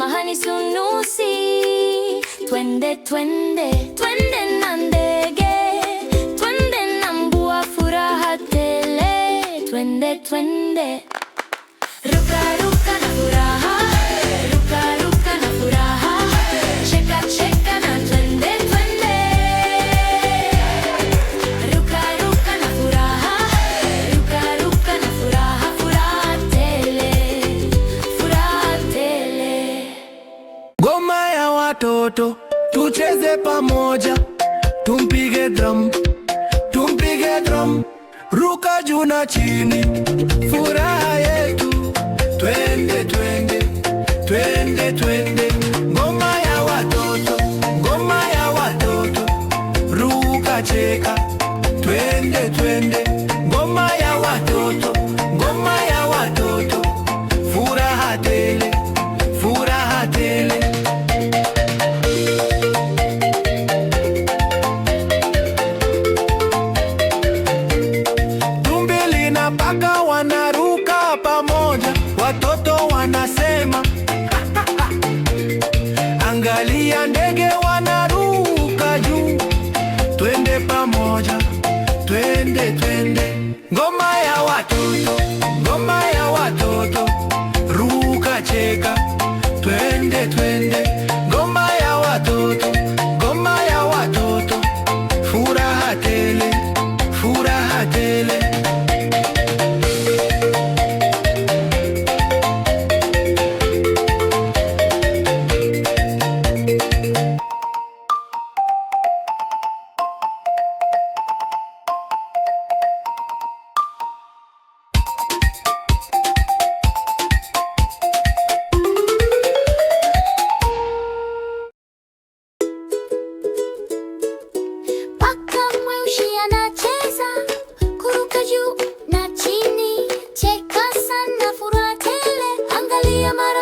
samahani sunusi, twende twende twende na ndege, twende na mbua, furaha tele, twende twende, ruka ruka na furaha watoto tucheze pamoja, tumpige drum, tumpige drum, ruka juu na chini, furaha yetu, twende twende twende twende, ngoma ya watoto, ngoma ya watoto, ruka cheka, twende twende ngoma ya watu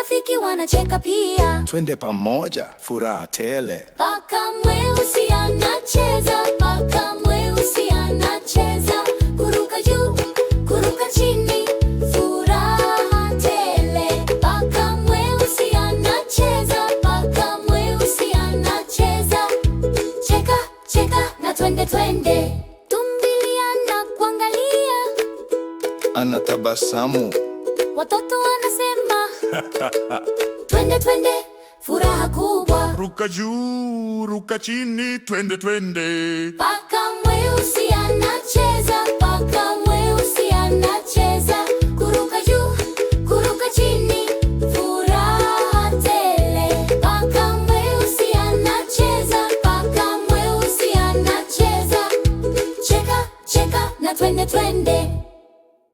marafiki wanacheka pia, twende pamoja, furaha tele. Paka mweusi anacheza, paka mweusi anacheza, kuruka juu, kuruka chini, furaha tele. Paka mweusi anacheza, paka mweusi anacheza, cheka cheka na twende twende, anatabasamu, watoto wanasema twende twende, furaha kubwa, ruka juu, ruka chini, twende twende, paka mweusi anacheza, paka mweusi anacheza, kuruka juu, kuruka chini, furaha tele, paka anacheza, paka anacheza, cheka cheka na twende twende.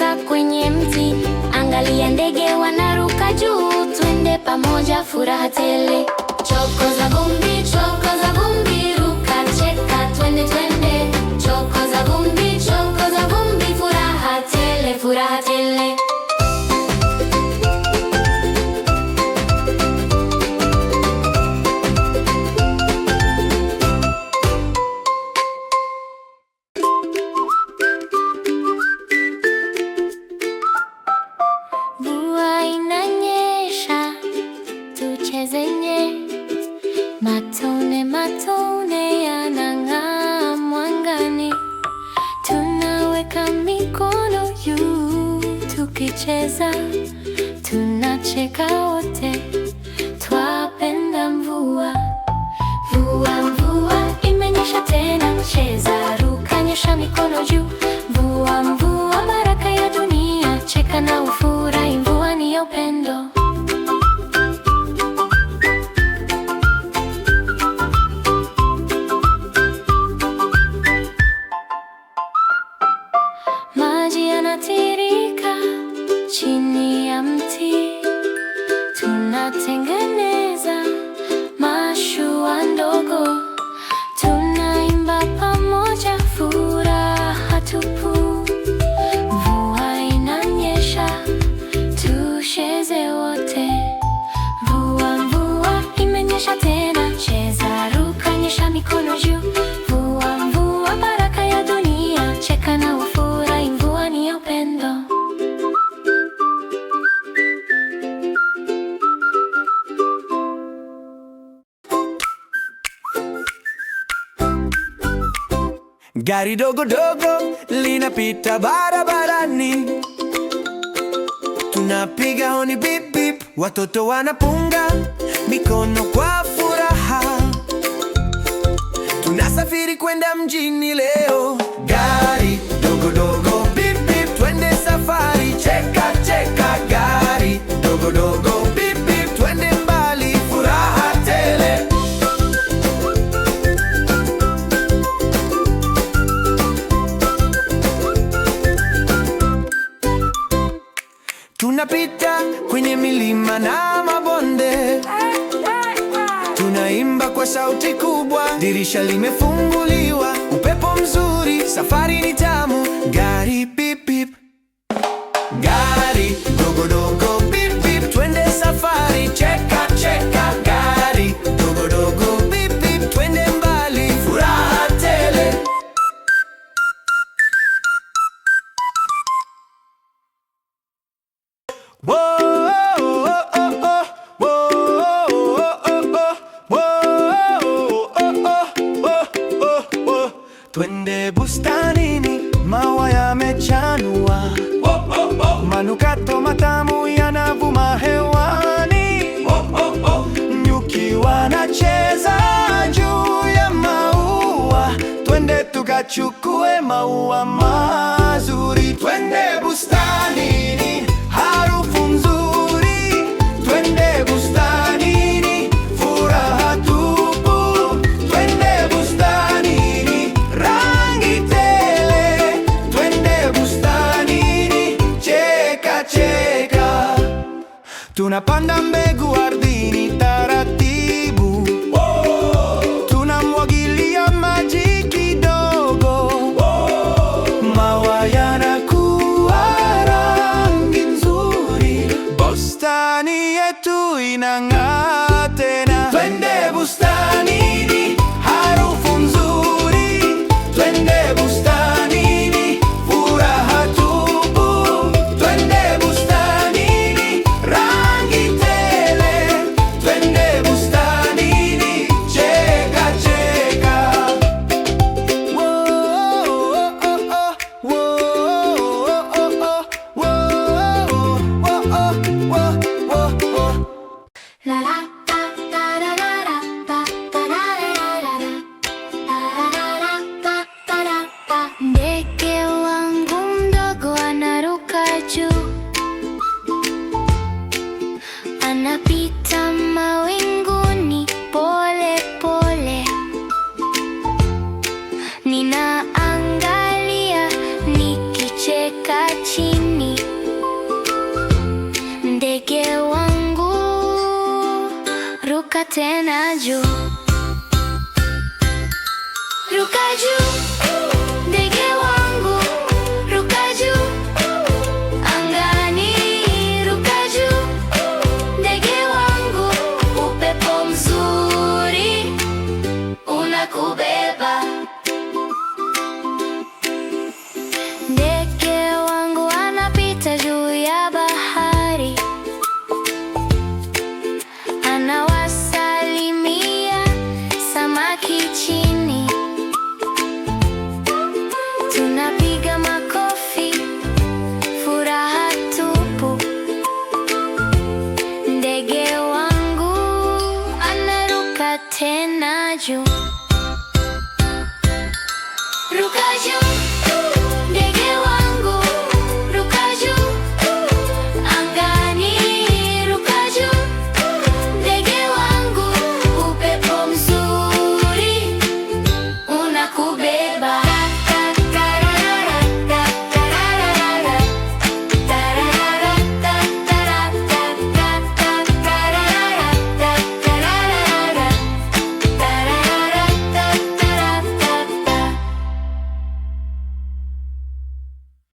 kuruka kwenye mti. Angalia ndege wanaruka juu, twende pamoja, furaha tele. Chokoza vumbi, za vumbi, ruka, cheka, twende, twende. matone yanang'aa mwangani, tunaweka mikono juu tukicheza, tunacheka wote. Gari dogo dogo linapita barabarani, tunapiga honi bip bip, watoto wanapunga mikono kwa furaha, tunasafiri kwenda mjini leo. Gari dogo dogo bip bip, twende safari, cheka cheka, gari dogo dogo Tunapita kwenye milima na mabonde, tunaimba kwa sauti kubwa, dirisha limefunguliwa, upepo mzuri, safari ni tamu. Gari pip pip, gari dogodogo anacheza juu ya maua, twende tukachukue maua mazuri, twende bustanini, harufu nzuri, twende bustanini, furaha tupu, twende bustanini, rangi tunapanda mbegu ardhini guide you